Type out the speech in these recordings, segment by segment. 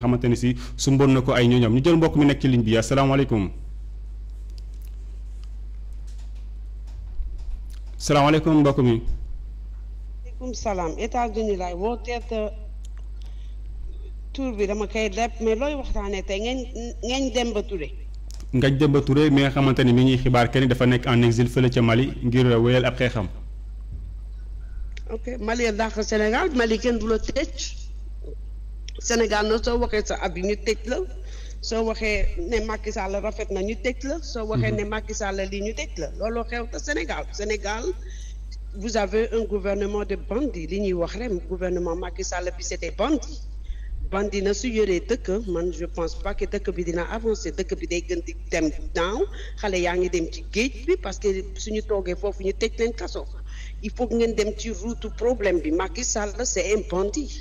xamante ne si sumboon na ko ay ñooñam ñu jël mbokk mi nekk ci ligne bi mbokk mi. salaam États-Unis laay wootee tur bi dama koy leb mais looy waxtaanee te ngeen ngeen dem ba Touré. ngañ dem ba Touré mi nga xamante ni mi ñuy xibaar kenn dafa nekk en exil fële ca Mali ngir wéyal ab xeexam. ok Mali dàq Sénégal Mali kenn du la tëj. Sénégal na soo waxee sa ab yi ñu tëj la soo waxee ne Macky Sall rafet na ñu tëj la soo waxee ne mhm. Macky Sall lii ñu tëj la looloo xew te Sénégal Sénégal vous avez un gouvernement de bandits li ñuy wax rek gouvernement Macky Sall bi c'était bandit bandi na su yoree dëkk man je pense pas que dëkk bi dina avancer dëkk bi day gën di dem daaw xale yaa ngi dem ti géej bi parce que ñu toogee foofu ñu tëj leen kaso il faut ngeen dem ci route problème bi Macky Sall c'est un bandit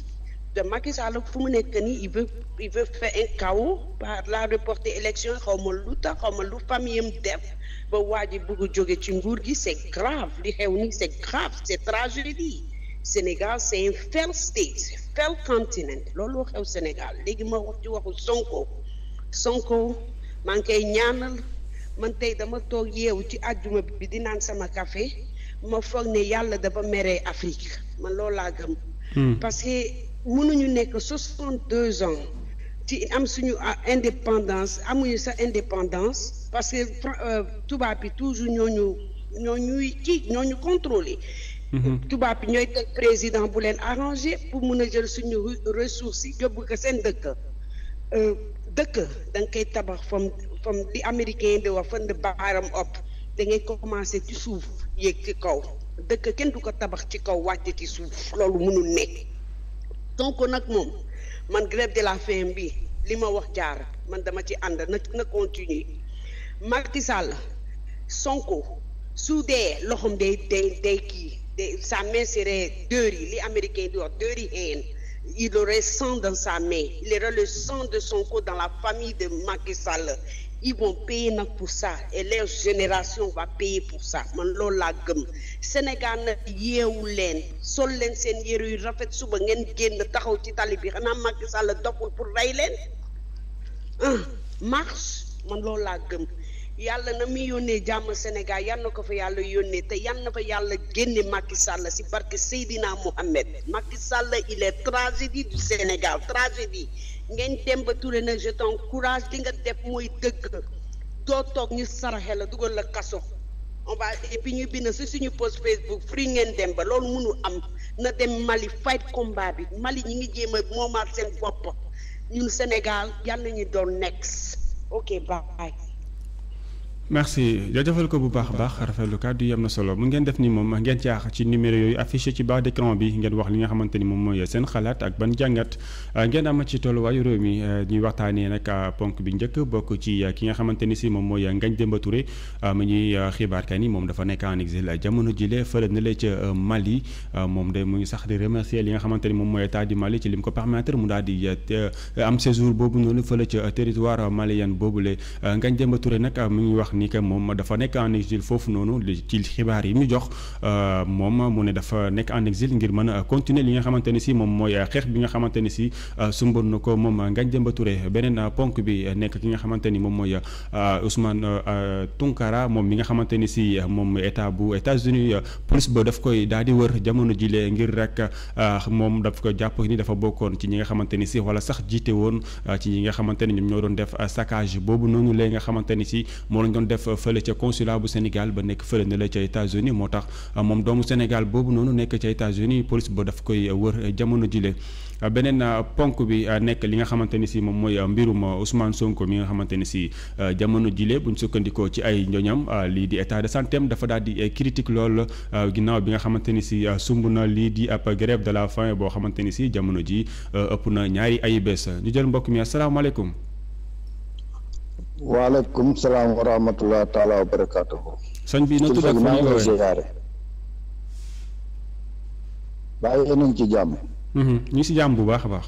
te Macky Sall fu mu nekk nii il veut il un chaos par la reporter élection xaw ma lu tax xaw ma lu famille am def ba waa ji bëgg a jóge ci nguur gi c'est grave li xew nii c'est grave c'est tragédie Sénégal c'est un failed state failed continent loolu xew Sénégal léegi ma wax waxu Sonko Sonko maa ngi koy ñaanal man tey dama toog yeewu ci àjjuma bi di naan sama café ma foog ne yàlla dafa meree Afrique man loolu laa gëm hmm. parce mënuñu nekk soixante-deux ans ci am suñu indépendance amuñu sa indépendance parce que euh, tubaab bi toujours ñooñu ñooñuy ci ñooñu contrôler mhm. tubaab bi ñooy teg président bu leen arrangé pour mun a jël suñu ressources yi yóbbu ko seen dëkk euh, dëkk da koy tabax fam fam li américain di wax ba baaram opp da ngay commencé ci suuf yéeg ci kaw dëkk kenn du ko tabax ci kaw wàcc ci suuf loolu mënul nekk donc nag moom man grève de la faim bi li ma wax jaar man dama ci ànd na na continuer Macky Sall su dee loxoom day day day kii day sa main serait deur yi li américain di wax deur yi haine il aurait sang dans sa main il aurait le sang de Sonko dans la famille de Macky Sall ils vont payer nag pour ça et leur génération va payer pour ça man loo la gëm Sénégal nag yeewu leen sol leen seen yére yu rafet suba ngeen génn taxaw ci tali bi xanaa Macky Sall doful pour rey leen ah marche man loolu laa gëm yàlla na muy yónnee jàmm Sénégal yal na ko fa yàlla yónnee te yal na fa yàlla génne Macky Sall si barke Seydina Mohamed Macky Sall il est tragédie du Sénégal tragédie ngeen dem ba Touré nag je t'encourage li nga def mooy dëgg doo toog ñu saraxe la dugal la kaso on va et puis ñu bind si suñu post Facebook free ngeen dem ba loolu mënul am na dem Mali fight combat bi Mali ñi ngi jéem a moomaat seen bopp ñun Sénégal yal na ñu doon next ok bye. merci jaajëfal ko bu baax a baax kàddu yem na solo mu ngeen def ni moom ngeen caax ci numéro yooyu affiché ci bas d'écran bi ngeen wax li nga xamante ni moom mooy seen xalaat ak ban jàngat euh, ngeen am ci tolluwaayu réew mi euh, ñuy waxtaanee nag euh, ponk bi njëkk bokk ci ki nga xamante ni si moom mooy Ngagne Demba Touré mu ñuy xibaar kan ni moom dafa nekk en exil jamono jile fële na la ca Mali moom de mu ngi sax di remercier li nga xamante ni moom mooy état du Mali ci li mu ko permettre mu daal di am séjour boobu noonu fële ca territoire malien boobu Ngagne Demba Touré nag mu ngi wax ni que moom dafa nekk en exil foofu noonu ci xibaar euh, moom mu ne dafa nekk en exil ngir mën a continuer li nga xamante ne si moom mooy xeex bi nga xamante ne si euh, sumboon na ko moom Ngagne Demba Touré beneen ponk bi nekk ki nga xamante ni moom mooy euh, Ousmane Tunkara moom mi nga xamante ni si moom état bu États-Unis police ba daf koy daal di wër jamono jilee ngir rek moom daf ko jàpp ni dafa bokkoon ci ñi nga xamante ni si wala sax jiite woon ci nga xamante ni ñoom ñoo doon def saccage boobu noonu lee nga xamante si moo lañ doon doon def fële ca consulat bu Sénégal ba nekk fële ne la ca États-Unis moo tax euh, moom doomu Sénégal boobu noonu nekk ca États-Unis police ba daf koy euh, wër euh, jamono jile beneen ponk bi nekk li nga xamante ni si moom mooy mbirum Ousmane Sonko mi nga xamante ni si jamono jile bu buñ sukkandikoo ci ay njoñam lii di état de santé am dafa daal di critique lool ginnaaw bi nga xamante ni si sumb na lii di ab grève de la faim boo xamante ni si jamono ji ëpp na ñaari ay bés ñu jël mbokk mi asalaamaaleykum waalekum salaam wa rahmatulah taalaa wa barakaatu. sëñ bi na tudd ak maa ngi lay ziare. bàyyi nañ ci jàmm. Mhm, ñu ngi si jàmm bu baax a baax.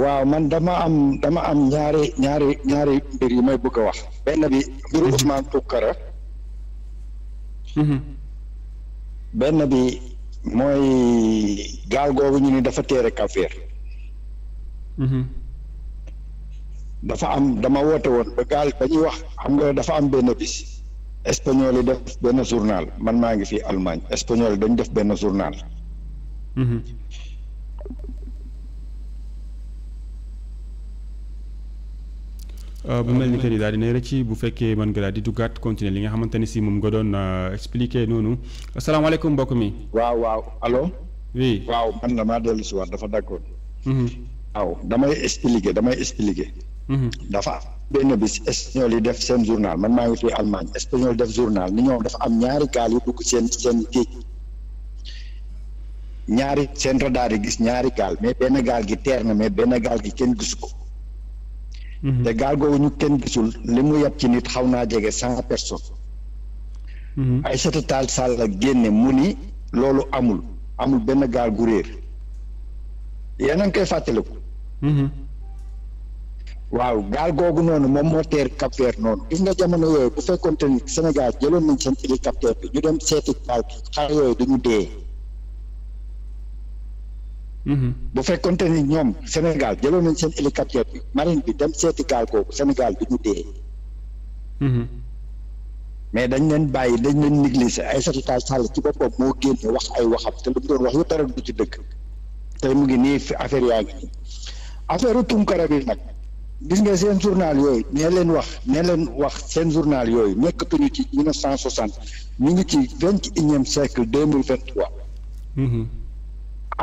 waaw man dama am dama am ñaari ñaari ñaari mbir yi may bëgg a wax. benn bi mbiru mhm. Ousmane Tounkara. Mhm. benn bi gaal googu ñu ni dafa téere kafir. dafa am dama woote woon ba gaal ba wax xam nga dafa am benn bis espagnol yi def benn journal man maa ngi fii Allemagne espagnol yi dañ def benn journal. Mhm. Euh, bu mel ni que ni daal di nekk ci bu fekkee mën nga daal di duggaat continuer li nga xamante ne si moom nga doon euh, expliquer noonu asalaamaaleykum mbokk mi. waaw waaw allo. oui waaw man na maa dellu si dafa d'accord. Mhm. waaw damay expliquer damay expliquer. Mhm. dafa am benn bis espagnol yi def seen journal man maa ngi fii Allemagne espagnol def journal ni ñoom dafa am ñaari gaal yu dugg seen seen géej ñaari seen radar yi gis ñaari gaal mais benn gaal gi teer na mais benn gaal gi kenn gisu ko mhm. te gaal googu ñu kenn gisul li mu yab ci nit xaw naa jege cent personnes mhm. Aïssata Tall Sall la génne mu ni loolu amul amul benn gaal gu réer yéen a ngi koy fàttaliku waaw gaal googu noonu moom moo teer Cap noonu gis nga jamono yooyu bu fekkoonte ni Sénégal jëloon nañ seen hélicoptère bi ñu dem seeti gaal bi xar yooyu duñu dee mm-hmm. bu fekkoonte ni ñoom Sénégal jëloon nañ seen bi marine dem seeti gaal googu Sénégal duñu dee mm-hmm. mais dañ leen bàyyi dañ leen négliger ay satutal sàll ci boppam moo génne wax ay waxam te lu mu doon wax yu dara du ci dëkk tey mu ngi nii affaire yaa ngi nii affaire u Tunkara bi nag gis nga seen journal yooyu nee leen wax nee leen wax seen journal yooyu nekkatuñu ci mille neuf cent soixante ñu ngi ci vingt et unième siècle deux mille vingt trois mhm.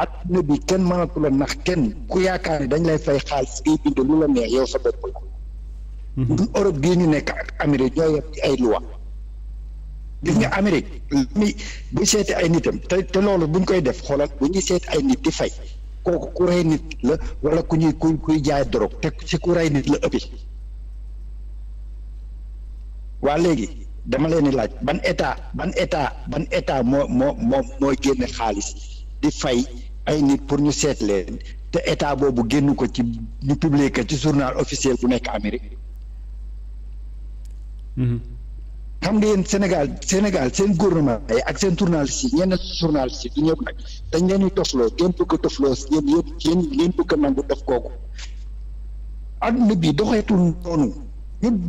adduna bi kenn mënatu la ndax kenn ku yaakaar ni dañ lay fay xaalis ngay bind lu la neex yow sa bopp la mhm. Europe gii ñu nekk ak Amérique ñoo yem ci ay loi gis nga amerique mi bu seeti ay nitam te te loolu buñ koy def xoolal bu ñuy seeti ay nit di fay kooku ku rey nit la wala ku ñuy ku kuy jaay drogue te ci ku rey nit la ëppi waa léegi dama leen di laaj ban état ban état ban état moo moo moo mooy génne xaalis di fay ay nit pour ñu seet te état boobu génn ko ci ñu publier ko ci journal officiel bu nekk Amérique. Mhm. xam nga yéen Sénégal Sénégal seen gouvernement yi ak seen journaliste yi ñenn journaliste yi du ñëpp nag dañ leen di tofloo ngeen bëgg a tofloo yéen yëpp yéen ngeen bëgg a nangu dof kooku adduna bi doxeetul noonu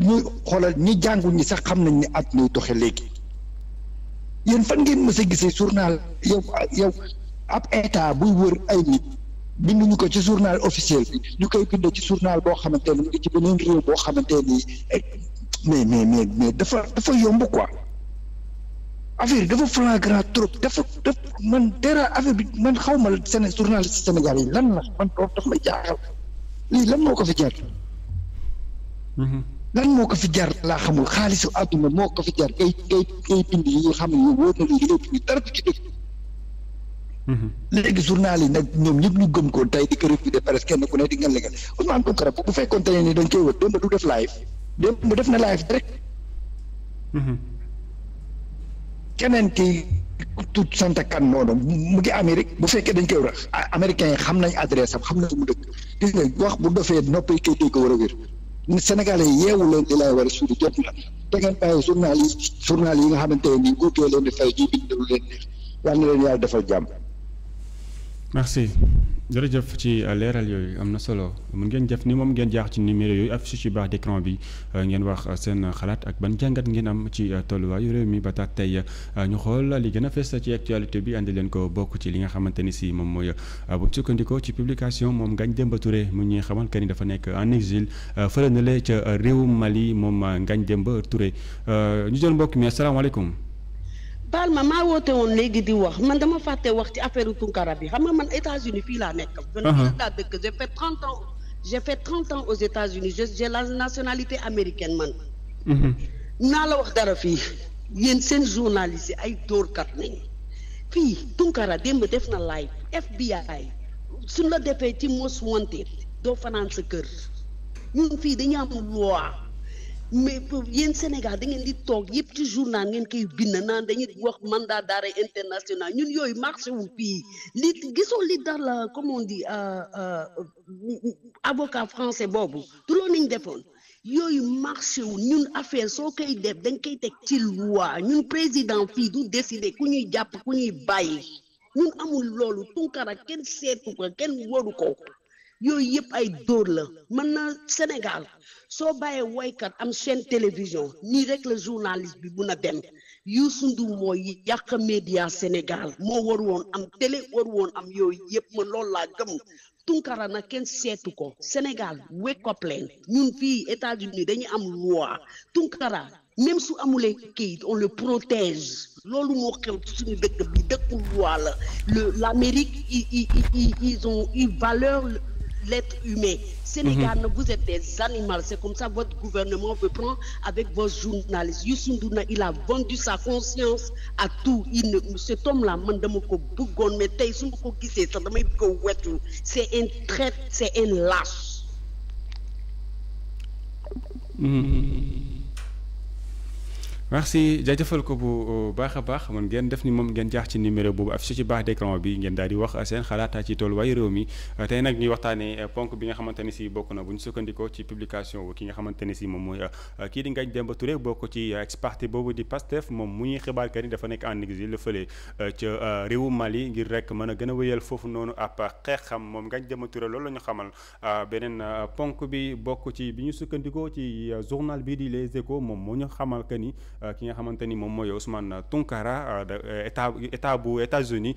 ñu xoolal ñi jàngul ñi sax xam nañ ne adduna doxe léegi yéen fan ngeen mës a gisee journal yow yow ab état buy wër ay nit binduñu ko ci journal officiel bi ñu koy bindee ci journal boo xamante ne mu ngi ci beneen réew boo xamante ni mais mais mais dafa dafa yomb quoi affaire dafa flagrant trop dafa dafa man dara affaire bi man xaw ma Séné journaliste Sénégal yi lan la man trop dafa may jaaxal lii lan moo ko fi jar. Mm-hmm. lan moo ko fi jar laa xamul xaalisu àdduna moo ko fi jar kay kay kay bind yi xam ne wóor na lii lépp dara du ci dëkk. Mm-hmm. léegi journal yi nag ñoom ñu gëm ko tey di ko revue de presse kenn ku ne di ngeen legal bu fekkoon tey ni dañ koy wër démb du def live. dem mu def na live rek. Mhm. keneen ki tuut sant kan noonu mu ngi Amérique bu fekkee dañ koy war a américain yi xam nañ adresse am xam nañ mu dëkk gis nga wax bu dofee noppi kay ko war a wér Sénégalais yeewu leen di laay war a suuri jot na da ngeen bàyyi journal yi journal yi nga xamante ne nii nguur leen di fay ji bind lu leen neex yàlla na leen yàlla defal jàmm merci jërëjëf ci euh, leeral yooyu am na solo mun ngeen jëf ni moom ngeen jaax ci numéro yooyu affiché ci baax d'écran bi euh, ngeen wax euh, seen xalaat ak ban jàngat ngeen am ci tolluwaayu réew mi ba tax tey ñu xool li gën a fës ci actualité bi andi leen ko bokk ci li nga xamante ni si moom mooy bu sukkandikoo ci publication moom Ngagne Demba Touré mu ñuy xamal que ni dafa nekk en exil fële na le ca réewu Mali moom Ngagne Demba Touré ñu jël mbokk mi asalaamaaleykum. baal ma maa woote woon léegi di wax man dama fàtte wax ci affaire Tunkara bi xam nga man États-Unis fii laa nekk. fii laa dëkk j'ai fait trente ans j'ai fait trente ans États-Unis je la nationalité américaine man. Mm-hmm. naa la wax dara fii yéen seen journaliste yi ay dóorkat nañ fii Tunkara démb def na live FBI suñ la defee ci most wanted doo fanaan sa kër fii dañu am loi. mais yéen Sénégal da ngeen di toog yëpp ci journal ngeen koy bind naan dañuy wax mandat d'arrêt international ñun yooyu marché wu fii li gisoo li dal la euh, comme on dit euh, euh, avocat français boobu du loolu nañ defoon yooyu marché wu ñun affaire soo koy def dañ koy teg ci loi ñun président fii du décider ku ñuy jàpp ku ñuy bàyyi ñun amul loolu Tunkara kenn seetu ko kenn waru ko yooyu yëpp ay dóor la man na Sénégal soo bàyyee woykat am chaîne télévision nii rek la journaliste bi mun a dem Youssou Ndour mooy yàq média Sénégal moo war woon am télé war woon am yooy yëpp ma loolu laa gëm Tunkara na kenn seetu ko Sénégal wake up leen ñun fii États-Unis dañuy am loi Tunkara même su amulee kayit on le protège loolu moo xew ci suñu dëkk bi dëkku la le l'Amérique ils ils ils ont une valeur l'être humain. Sénégal, mm -hmm. vous êtes des animaux. C'est comme ça votre gouvernement veut prendre avec vos journalistes. il a vendu sa conscience à tout. cet homme-là, man dama ko bëggoon mais tey su ma ko gisee sax damay bëgg ko wettu. C'est un traître, c'est un lâche. Mhm. merci jaajëfal ko bu baax a baax man ngeen def ni moom ngeen jaax ci numéro boobu affiché ci baax d'écran bi ngeen daal di wax seen xalaata ci tolluwaayu réew mi tey nag ñuy waxtaanee eh, ponk bi nga xamante ne si bokk na bu ci publication ki nga xamante ne si moom mooy eh, kii di Ngagne Demba bokk ci eh, parti boobu di PASTEF moom mu ñuy xibaar kat ni dafa nekk en exil fële ca réewu Mali ngir rek mën a gën a wéyal foofu noonu ab xeexam moom Ngagne Demba loolu la ñu xamal beneen ponk bi bokk ci bi ñu sukkandikoo ci journal bii di Les Échos moom moo ñu xamal que ni Euh, ki nga xamante ni moom mooy Ousmane Tunkara euh, euh, état état bu États-Unis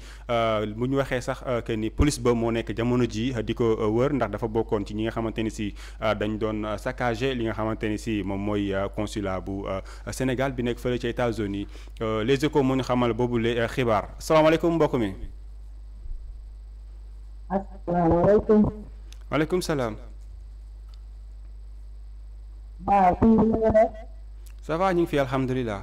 mu ñu waxee sax que ni police ba moo nekk jamono ji di ko wër ndax dafa bokkoon ci ñi nga xamante ni si dañ doon saccagé li nga xamante ni si moom mooy consulat bu Sénégal bi nekk fële ci États-Unis les échos moo ñu xamal boobu le xibaar salaamaaleykum mbokk mi. salaam. ça va ñu ngi fi alhamdulilah.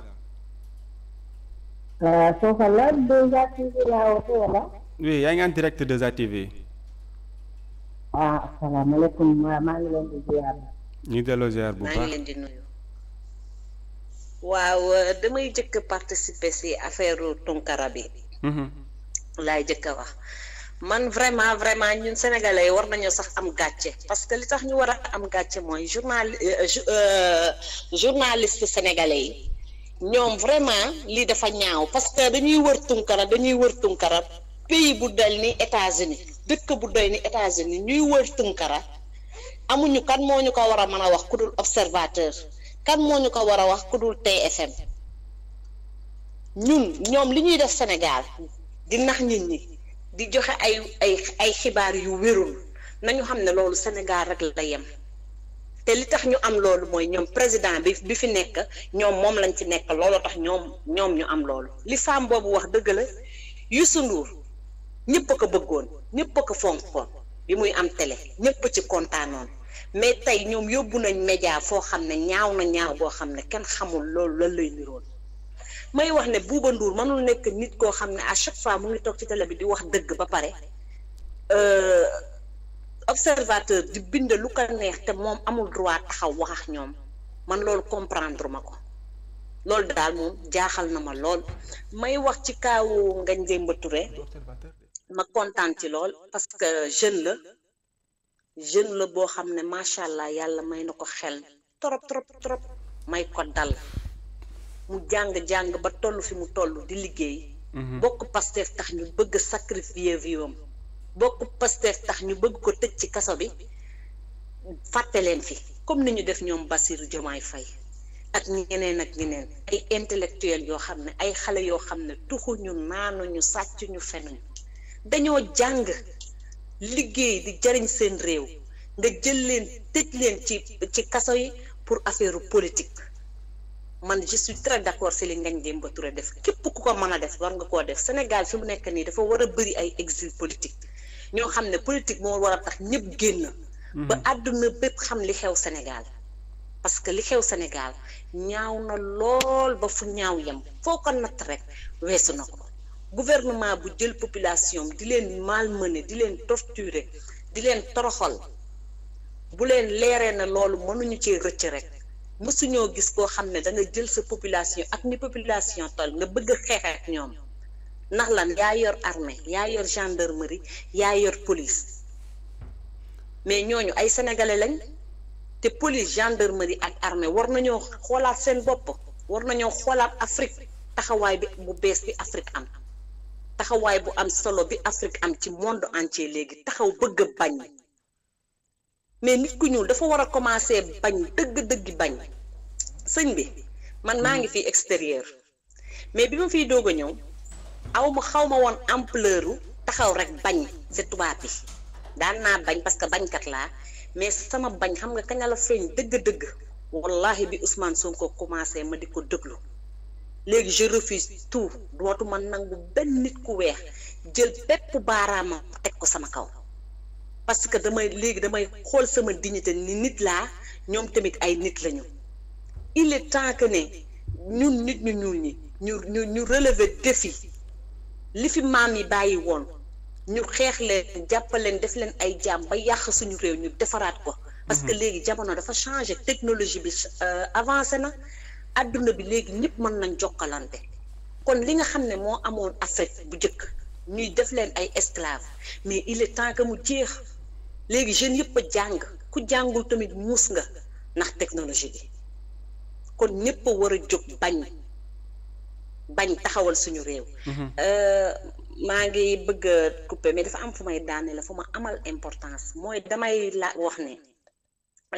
waaw euh, foofa la 2A yaa ngi direct 2A TV. waaw ah, asalaamaaleykum maa ngi leen di ziar. maa ngi leen di nuyu. waaw euh, damay jëkk participer ci affaire Tunkara bi. Mhm. laay jëkk wax. man vraiment vraiment ñun sénégalais yi war nañu sax am gàcce parce que li tax ñu war a am gàcce mooy journal euh, euh, journaliste sénégalais yi ñoom vraiment lii dafa ñaaw parce que dañuy wër tunkara dañuy wër tunkara pays bu dal ni États-Unis dëkk bu doy ni États-Unis ñuy wër tunkara amuñu kan moo ñu ko war a mën a wax ku dul observateur kan moo ñu ko war a wax ku dul TFM ñun ñoom li ñuy def Sénégal di nax nit ñi. di joxe ay ay ay xibaar yu wérul nañu xam ne loolu Sénégal rek la yem te li tax ñu am loolu mooy ñoom président bi bi fi nekk ñoom moom lañ ci nekk looloo tax ñoom ñoom ñu am loolu li femme boobu wax dëgg la Youssou Ndour ñëpp a ko bëggoon ñëpp a ko fonkoon bi muy am tele ñëpp ci kontaanoon mais tey ñoom yóbbu nañ média foo xam ne ñaaw na ñaaw boo xam ne kenn xamul loolu lan lay niroon may wax ne Bouba Ndour mënul nekk nit koo xam ne à chaque fois mu ngi toog ci télé bi di wax dëgg ba pare euh, observateur di bind lu ko neex te moom amul droit taxaw wax ak ñoom man loolu comprendre ma ko loolu daal jaaxal na ma lool may wax ci kaawu Ngagne Demba Touré ma kontaan ci lool parce que jeune la jeune la boo xam ne macha allah yàlla may na ko xel trop trop trop may ko dal mu jàng-jàng ba toll fi mu toll di liggéey mhm. bokk Pastef tax ñu bëgg sacrifier viam bokk Pastef tax ñu bëgg ko tëj ci kaso bi fàtte leen fi comme ni ñu def ñoom Bassirou Diomaye Faye ak ñeneen ak ñeneen ay intellectuel yoo xam ne ay xale yoo xam ne tuxuñu ñu sàcc ñu fenuñu dañoo jàng liggéey di jariñ seen réew nga jël leen tëj leen ci ci kaso yi pour affaire politique man je suis très d' accord si li Ngagne Demba Touré def képp ku ko mën a def war nga koo def Sénégal fi mu nekk nii dafa war a bëri ay exil politique ñoo xam ne politique moo war a tax ñëpp génn. Mhm. ba àdduna bépp xam li xew Sénégal. parce que li xew Sénégal ñaaw na lool ba fu ñaaw yem foo ko natt rek weesu na ko gouvernement bu jël population di leen malmené di leen torturé di leen toroxal bu leen leeree na loolu mënuñu ci rëcc rek. mësuñoo gis koo xam ne da nga jël sa population ak ni population tol nga bëgg a xeex ak ñoom nax lan yaa yor armée yaa yor gendarmerie yaa yor police mais ñooñu ay sénégalais lañ te police gendarmerie ak armée war nañoo xoolaat seen bopp war nañoo xoolaat Afrique taxawaay bi bu bees bi Afrique am taxawaay bu am solo bi Afrique am ci monde entier léegi taxaw bëgg bañ. mais nit ku ñuul dafa war a commencer bañ dëgg-dëgg bañ sëñ bi man maa ngi fi extérieur mais bi ma fiy doog a ñëw aw xaw ma woon ampleur taxaw rek bañ si tubaab bi daan naa bañ parce que bañkat laa mais sama bañ xam nga kañ la feeñ dëgg-dëgg wallahi bi Ousmane Sonko commencé ma di ko déglu léegi je refuse tout dootuma nangu benn nit ku weex jël bépp baaraama teg ko sama kaw. parce que damay léegi damay xool sama dignité ni nit laa ñoom tamit ay nit lañu il est temps que ne ñun nit ñu ñuul ñi ñu ñu ñu relever défi li fi maam yi bàyyi woon ñu xeex leen jàppaleen def leen ay jàmm ba yàq suñu réew ñu defaraat ko. parce que mhm. léegi jamono dafa changé technologie bi euh, avancé na àdduna bi léegi ñëpp mën nañ jokkalante kon li nga xam ne moo amoon Afrique bu njëkk ñuy def leen ay esclaves mais il est temps que mu jeex. léegi jeunes yëpp a jàng ku jàngul tamit muus nga ndax technologie bi kon ñëpp a war a jóg bañ bañ taxawal suñu réew. Mhm. Euh, maa ngi bëgg a mais dafa am fu may daane la fu ma amal importance mooy damay la wax ne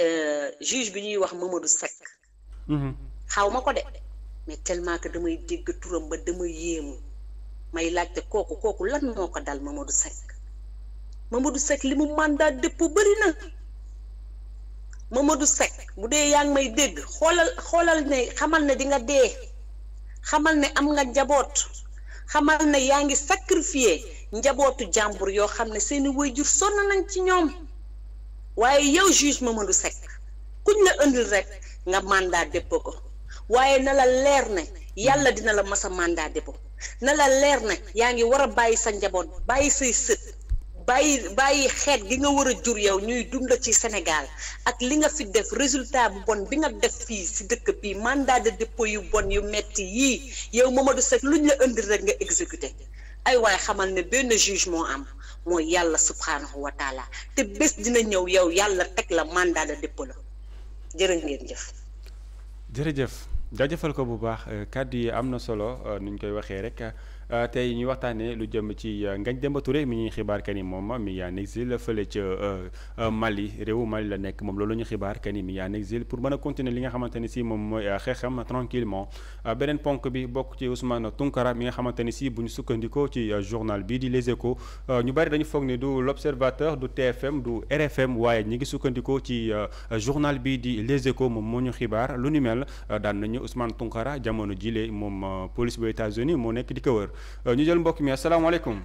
euh, juge bi ñuy wax Mamadou Seck. Mhm. xaw ma ko de mais tellement que damay dégg turam ba dama yéemu may laajte kooku kooku lan moo ko dal Mamadou Seck. du Seck li mu mandat dépôt bëri na Mamadou Seck bu dee yaa ngi may dégg xoolal xoolal ne xamal ne di nga dee xamal ne am nga njaboot xamal ne yaa ngi sacrifier njabootu jàmbur yoo xam ne seeni waajur sonn nañ ci ñoom waaye yow juge Mamadou Seck kuñ la indil rek nga mandat dépôt ko waaye na la leer ne yàlla dina la masa mandat dépôt na la leer ne yaa ngi war a bàyyi sa njaboot bàyyi say sët bàyyi bàyyi xeet gi nga war a jur yow ñuy dund ci Sénégal ak li nga fi def résultat bu bon bi nga def fii si dëkk bi mandat de dépôt yu bon yu metti yii yow ma Mamadou lu luñ la indi rek nga exécuté ay waaye xamal ne benn juge moo am mooy yàlla subhanahu wa te bés dina ñëw yow yàlla teg la mandat de dépôt la jërë ngeen jëf. jërëjëf jaajëfal ko bu baax kàddu yi am na solo euh, nuñ koy waxee rek. Euh, tey ñu waxtaanee lu jëm ci euh, Ngagne Demba Touré mi ñuy xibaar que ni moom mi ngi en exil fële ca euh, Mali réewu Mali la nekk moom loolu ñu xibaar que ni mi ngi en pour mën a continuer li nga xamante ni si moom mooy xeexam tranquillement beneen ponk bi bokk ci Ousmane Tounkara mi nga xamante ni si bu ñu sukkandikoo ci journal bii di Les Échos ñu bari dañu foog ni du l'Observateur du TFM du RFM waaye ñi ngi sukkandikoo ci journal bii di Les Échos moom moo ñu xibaar lu nu mel daan nañu Ousmane Tounkara jamono jile moom police bu états moo nekk di ko wër Euh, ñu jël mbokk mi asalaamaaleykum.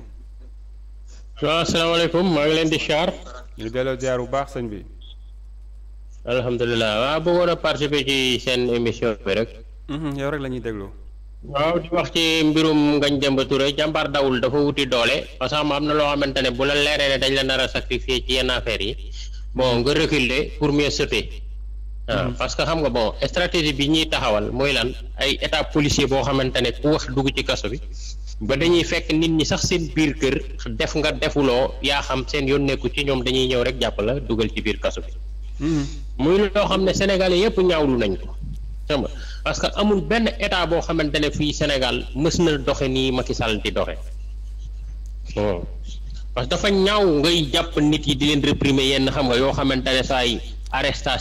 waaw asalaamaaleykum maa ngi leen di xaar. ñu delloo jaar bu baax sëñ bi. alhamdulilah waaw bëggoon a participer ci seen émission bi rek. Mhm, yow rek la ñuy déglu. waaw di wax ci mbirum Ngagne Demba rek jàmbaar dawul dafa wuti doole parce am na loo xamante ne bu la leeree dañ la nar a sacrifier ci yenn yi bon nga pour mieux sauter. waaw ah, mhm. parce que xam nga bon stratégie bi ñuy taxawal mooy lan ay état policier boo xamante ne ku wax dugg ci kaso bi ba dañuy fekk nit ñi sax seen biir kër def nga defuloo yaa xam seen yoon nekku ci ñoom dañuy ñëw rek jàpp la dugal ci biir kaso bi. Hmm. muy loo xam ne sénégalais yëpp ñaawlu nañ ko. xam parce que amul benn état boo xamante ne fii Sénégal mës na doxe nii Macky Sall di doxe parce que dafa ñaw ngay jàpp nit yi di leen réprimer yenn xam nga yoo xamante ne saa yi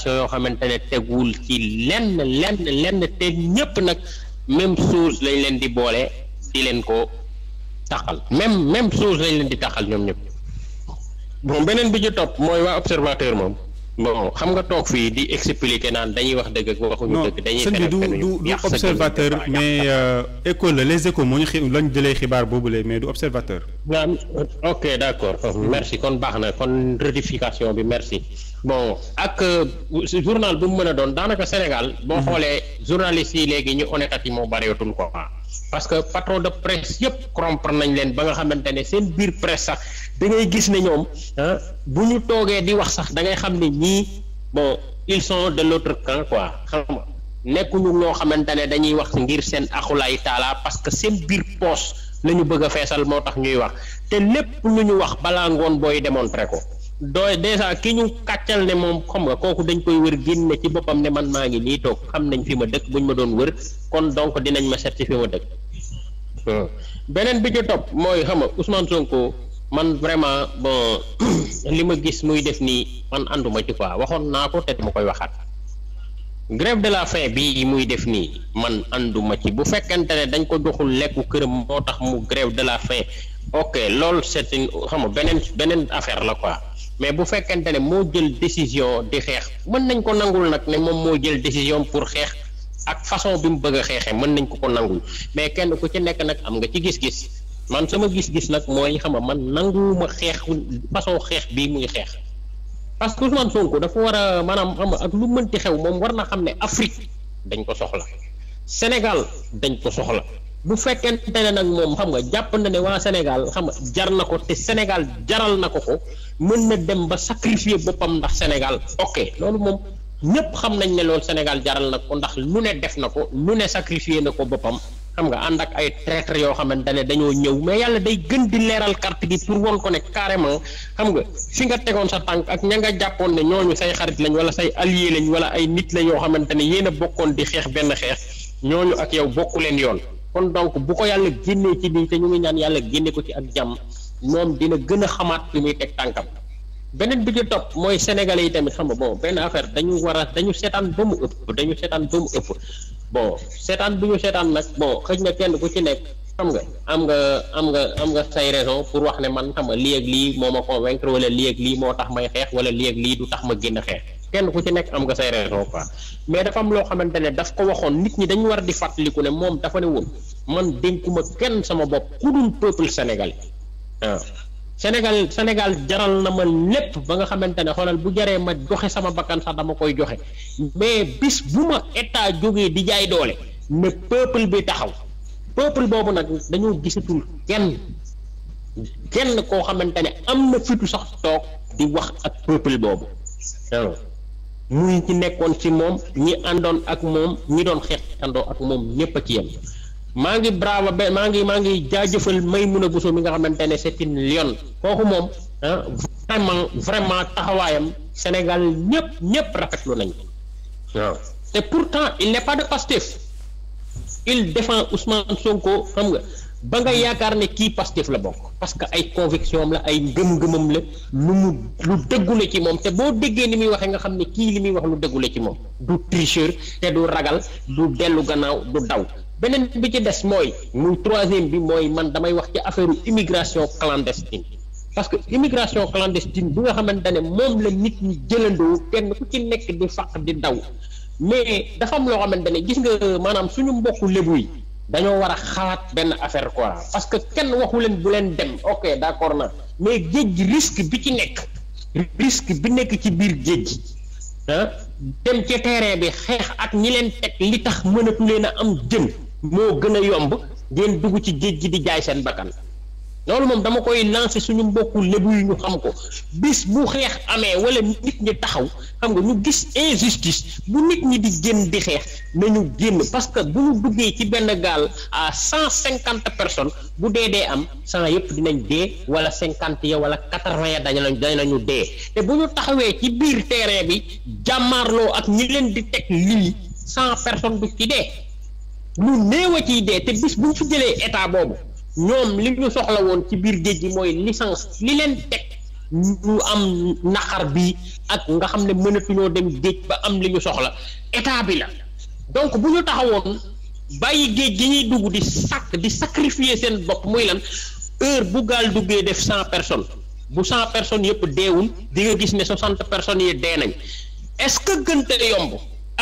yoo xamante ne tegwul ci lenn lenn lenn te ñëpp nag même chose lañ leen di boole. di leen ko taxal même même chose lañ leen di taxal ñoom ñëpp bon beneen bi ñu top mooy waa observateur moom bon xam nga toog fii di expliqué naan dañuy wax dëgg ak waxuñu dëgg. dañuy xel xel du du observateur mais euh, école la les échos moo ñu xi lañ jëlee xibaar boobule mais du observateur. naam ok d' accord oh, hmm. merci kon baax na kon rectification bi merci bon ak euh, journal bu mu mën a doon daanaka Sénégal. boo hmm. xoolee journaliste yi léegi ñu honnêteté moo ko quoi. parce que patron de presse yëpp corrompre nañ leen ba nga xamante ne seen biir presse sax da ngay gis ne ñoom bu ñu toogee di wax sax da ngay xam ne ñii bon ils sont de l'autre camp quoi xam nga nekkuñu loo xamante ne dañuy wax ngir seen axulaay taala parce que seen biir poche la ñu bëgg a feesal moo tax ñuy wax te lépp lu ñu wax balaa ngoon booy démontrer ko. dooy dèjà ki ñu kàccal ne moom xam nga kooku dañ koy wër génne ci boppam ne man maa ngi nii toog xam nañ fi ma dëkk buñ ma doon wër kon donc dinañ ma seet ci fi ma dëkk. Hmm. beneen bi ci topp mooy xam nga Ousmane Sonko man vraiment bon li ma gis muy def nii man ànduma ci quoi waxoon naa ko te dama koy waxaat. grève de la faim bii muy def nii man ànduma ci bu fekkente ne dañ ko joxul lekku këram moo tax mu grève de la faim ok loolu c'est une xam nga beneen beneen affaire la quoi. mais bu fekkente ne moo jël décision di xeex mën nañ ko nangul nag ne moom moo jël décision pour xeex ak façon bi mu bëgg a xeexee mën nañ ko ko nangul mais kenn ku ci nekk nag am nga ci gis-gis man sama gis-gis nag mooy xam nga man nanguwuma xeex façon xeex bii muy xeex parce que Ousmane Sonko dafa war a maanaam xam ak lu mënti xew moom war na xam ne Afrique dañ ko soxla Sénégal dañ ko soxla bu fekkente ne nag moom xam nga jàpp na ne waa Sénégal xam nga jar na ko te Sénégal jaral na ko ko mën na dem ba sacrifier boppam ndax Sénégal ok loolu moom ñëpp xam nañ ne loolu Sénégal jaral na ko ndax lu ne def na ko lu ne sacrifier na ko boppam xam nga ànd ak ay traître yoo xamante ne dañoo ñëw mais yàlla day gën di leeral carte gi pour woon ko ne carrément xam nga fi nga tegoon sa tànk ak ña nga jàppoon ne ñooñu say xarit lañ wala say allié lañ wala ay nit la yoo xamante ne yéen a bokkoon di xeex benn xeex ñooñu ak yow bokku leen yoon. kon donc bu ko yàlla génnee ci nii te ñu ngi ñaan yàlla génnee ko ci ak jàmm moom dina gën a xamaat fi muy teg tànkam beneen bi ci topp mooy sénégalais yi tamit xam nga bon benn affaire dañu war a dañu seetaan ba mu ëpp dañu seetaan ba mu ëpp bon seetaan bi ñu seetaan nag bon xëj na kenn ku ci nekk xam nga am nga am nga am nga say raison pour wax ne man xam nga lii ak lii moo ma convaincre wala lii ak lii moo tax may xeex wala lii ak lii du tax ma génn xeex. kenn ku ci nekk am nga say raison quoi mais dafa am loo xamante ne daf ko waxoon nit ñi dañu war di fàttaliku ne moom dafa ne woon man dénkuma kenn sama bopp ku dul peuple sénégalais ah Sénégal jaral na ma lépp ba nga xamante ne xoolal bu jaree ma goxe sama bakkan sax dama koy joxe mais bis bu ma état jógee di jaay doole ne peuple bi taxaw peuple boobu nag dañoo gisatul kenn kenn koo xamante ne am na fitu sax toog di wax ak peuple boobu. Ah. muy ci nekkoon ci moom ñi àndoon ak moom ñi doon xeexandoo ak moom ñëpp a ci yem maa ngi brava ba maa ngi maa ngi jaajëfal a Bousso mi nga xamante ne c'est une lionne kooku moom ah vraiment taxawaayam Sénégal ñëpp ñëpp rafetlu nañ waaw te pourtant il n'est pas de Pastef il défend Ousmane Sonko xam nga. ba nga yaakaar ne kii Pastef la bokk parce que ay conviction am la ay ngëm-ngëmam la lu mu lu dëggu ci moom te boo déggee ni muy waxee nga xam ne kii li muy wax lu dëggu ci moom du tricheur te du ragal du dellu gannaaw du daw beneen bi ci des mooy muy troisième bi mooy man damay wax ci affaire immigration clandestine parce que immigration clandestine bi nga xamante ne moom la nit ñi jëlandoo kenn ku ci nekk di fàq di daw mais dafa am loo xamante ne gis nga maanaam suñu mbokku lébu yi dañoo war a xalaat benn affaire quoi parce que kenn waxu leen bu leen dem ok d'accord na mais géej gi risque bi ci nekk risque bi nekk ci biir géej gi ah, dem ci terrain bi xeex ak ñi leen teg li tax mënatu leen a am jën moo gën a yomb ngeen dugg ci géej gi di jaay seen bakkan loolu moom dama koy lancer suñu mbokku lébu yi ñu xam ko bis bu xeex amee wala nit ñi taxaw xam nga ñu gis injustice bu nit ñi di génn di xeex nañu génn parce que bu ñu duggee ci benn gaal à cent cinquante personnes bu dee dee am cent yëpp dinañ dee wala cinquante ya wala quatre vingt ya dañu nañ dañu dee te bu ñu taxawee ci biir terrain bi jàmmaarloo ak ñi leen di teg lii cent personnes du ci dee lu néew a ciy dee te bis bu ñu fi jëlee état boobu. ñoom li ñu soxla woon ci biir géej gi mooy licence li leen teg ñu am naqar bi ak nga xam ne mënatuñoo dem géej ba am li ñu soxla état bi la donc bu ñu taxawoon bàyyi géej gi ñuy dugg di sac di sacrifier seen bopp muy lan heure bu gaal duggee def cent personnes bu cent personnes yëpp deewul di nga gis ne soixante personnes yi dee nañ est-ce que gënte yomb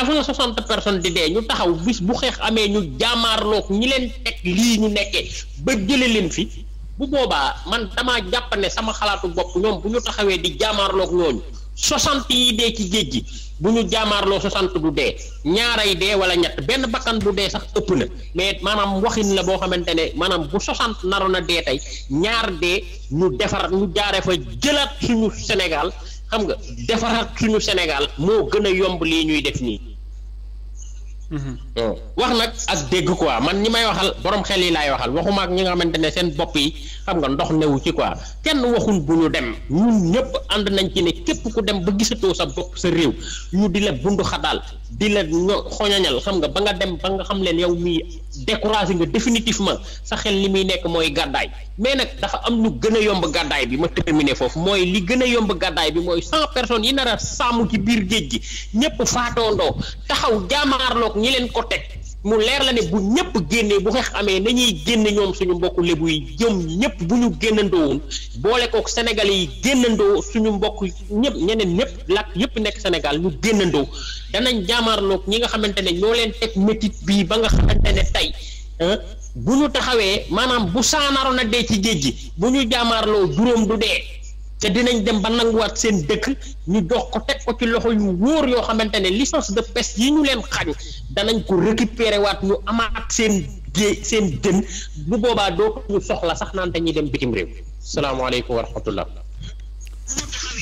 avant soixante personnes di dee ñu taxaw bis bu xeex amee ñu jaamaarloog ñi leen teg lii ñu nekkee ba jële leen fi bu boobaa man damaa jàpp ne sama xalaatu bopp ñoom bu ñu taxawee di jaamaarloog ñooñu soixante yi dee ci géej gi bu ñu jaamaarloo soixante du dee ñaaray dee wala ñett benn bakkan bu dee sax ëpp na mais maanaam waxin la boo xamante ne maanaam bu soixante naroon a dee tey ñaar dee ñu defar ñu jaaree fa jëlaat suñu Sénégal xam nga defaraat suñu Sénégal moo gën a yomb lii ñuy def Mm-hmm. wax nag ak dégg quoi man ñi may waxal borom xel yi laay waxal waxuma ak ñi nga xamante ne seen bopp yi xam nga ndox newu ci quoi kenn waxul bu ñu dem ñun ñëpp ànd nañ ci ne képp ku dem ba gisatoo sa bopp sa réew ñu di la bundu xadaal di la xoñañal xam nga ba nga dem ba nga xam leen yow mii découragé nga définitivement sa xel ni muy nekk mooy gàddaay mais nag dafa am lu gën a yomb gàddaay bi ma terminé foofu mooy li gën a yomb gàddaay bi mooy cent personnes yi nar a sàmm ci biir géej gi ñëpp faatoondoo taxaw jaamaarloog ñi leen ko teg mu leer la ne bu ñëpp génnee bu xeex amee nañuy génn ñoom suñu mbokku lébu yi jëm ñëpp bu ñu génnandoowoon boole kook sénégalais yi génnandoo suñu mbokk ñëpp ñeneen ñëpp làkk yëpp nekk Sénégal ñu génnandoo danañ jaamaarloog ñi nga xamante ne ñoo leen teg métit bii ba nga xamante ne tey bu ñu taxawee maanaam bu saanaroon a dee ci géej gi bu ñu jaamaarloo juróom du dee te dinañ dem ba nanguwaat seen dëkk ñu dox ko teg ko ci loxo yu wóor yoo xamante ne licence de pêche yi ñu leen xañ danañ ko récupérer waat ñu amaat seen gée seen jën bu boobaa dootuñu soxla sax naan dañuy dem bitim réew salaamaaleykum wa rahmatullah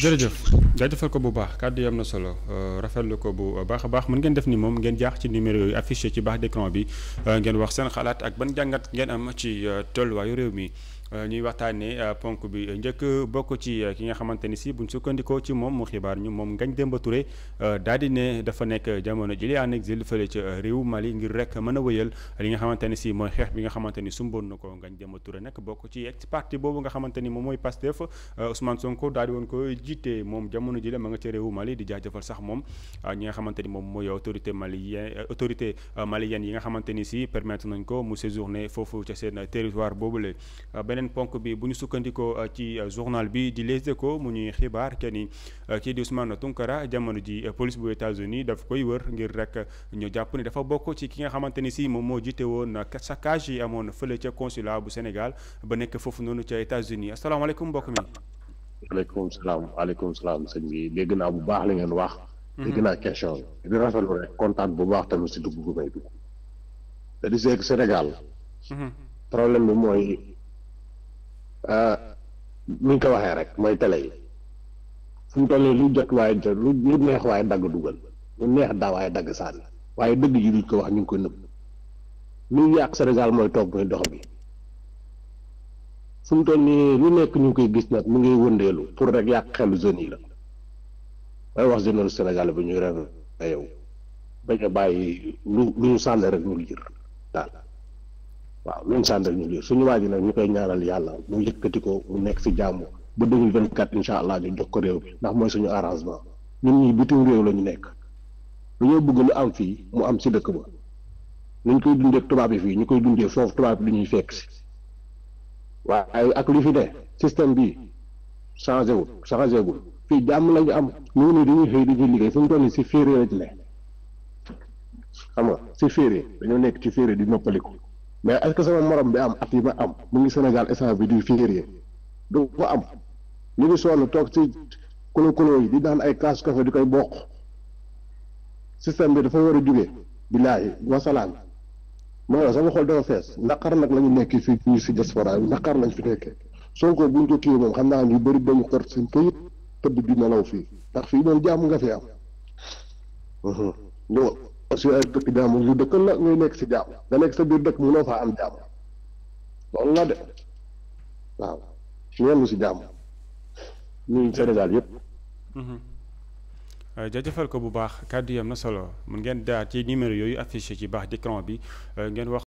jërëjëf jaajëfal ko bu baax kàddu yi na solo euh, rafetlu ko bu baax a baax mën ngeen def ni moom ngeen jaax ci numéro yooyu affiché ci baax d'écran bi euh, ngeen wax seen xalaat ak ban jàngat ngeen am ci euh, tolluwaayu réew mi Euh, ñuy waxtaanee euh, ponk bi njëkk bokk ci euh, ki nga xamante ni si buñ sukkandikoo ci moom mu xibaar ñu moom ngañ Demba Touré di ne dafa nekk jamono jëlee en exil fële ca réew Mali ngir rek mën a wëyal li nga xamante ne si mooy xeex bi nga xamante ni sumboon na ko Ngagne Demba Touré bokk ci ex parti boobu nga xamante ni moom mooy Pastef Ousmane Sonko daal di woon ko moom jamono jëlee ma nga ca réew Mali di jaajëfal sax moom ñi nga xamante ni moom mooy autorité malien autorité malienne yi nga xamante ni si permettre nañ ko mu séjourner foofu ca seen territoire boobule beneen ponk bi bu ñu sukkandikoo euh, ci euh, journal bi di Les Échos mu ñuy xibaar que ni euh, di Ousmane Tunkara jamono ji police bu États-Unis daf koy wër ngir rek ñu jàpp ni dafa bokk ci ki nga xamante ni si moom moo jiite woon na saccage yi amoon fële ca consulat bu Sénégal ba nekk foofu noonu ca États-Unis asalaamaaleykum mbokk mi. aleykum salaam aleykum salaam sëñ bi dégg naa bu baax li ngeen wax. Mhm. dégg naa question bi di rafetlu rek kontaan bu baax tamit si dugub mhm. bi. cest à Ah, ni ñu ko waxee rek mooy télé yi fu mu toll nii lu jot waaye jot lu neex waaye dagg dugal lu neex daa waaye dagg sànni waaye dëgg yi duñ ko wax ñu ngi koy nëbb luy yàq senegal mooy toog muy dox bi fu mu toll nii lu nekk ñu ngi koy gis nag mu ngi wëndeelu pour rek yàq xelu zone yi la may wax zone Sénégal bi ñu ren yow bañ a bàyyi lu lu ñu sànni rek ñu liir daal. waaw loolu sant ñu lii suñu waa ji nag ñu koy ñaanal yàlla mu yëkkati ko mu nekk si jàmm ba 2024 incha allah ñu jox ko réew bi ndax mooy suñu arrangement ñun nii bitim réew la ñu nekk lu ñoo bëgg lu am fii mu am si dëkk ba ñu koy dundee tubaab yi fii ñu koy dundee foofu tubaab bi du ñuy fekk si waaye ak lu fi ne système bi changé wul changé wul fii jàmm la ñu am ñu ne dañuy xëy dañuy liggéey fu mu toll nii si féeréer la ci ne xam nga si féeréer dañoo nekk ci féeréer di noppaliku. mais est-ce que morom bi am at yi ma am mu ngi Sénégal instant bi di férié du ko am ñu ngi sonn toog ci kolo kolo yi di naan ay kaas café di koy bokk système bi dafa war a jóge billaahi wasalaan ma sama xol dafa fees naqar nag la ñu nekk fii ñu si diaspora bi naqar lañ fi nekkee Sonko buñ ko kii moom xam naa ñu bëri dañu xor seen këyit tëdd di nelaw fii ndax fii moom jàmm nga fi am. Mhm. parce ay dëkk jaamu lu dëkk la ngay nekk si jaamu nga nekk sa biir dëkk mënoo faa am jaamu loolu la de waaw ñenn si jaamu ñun Sénégal yëpp. Mhm. Euh, jaajëfal ko bu baax kàddu yam na solo mun ngeen jaar ci numéro yooyu affiché ci baax d'écran bi euh, ngeen wax.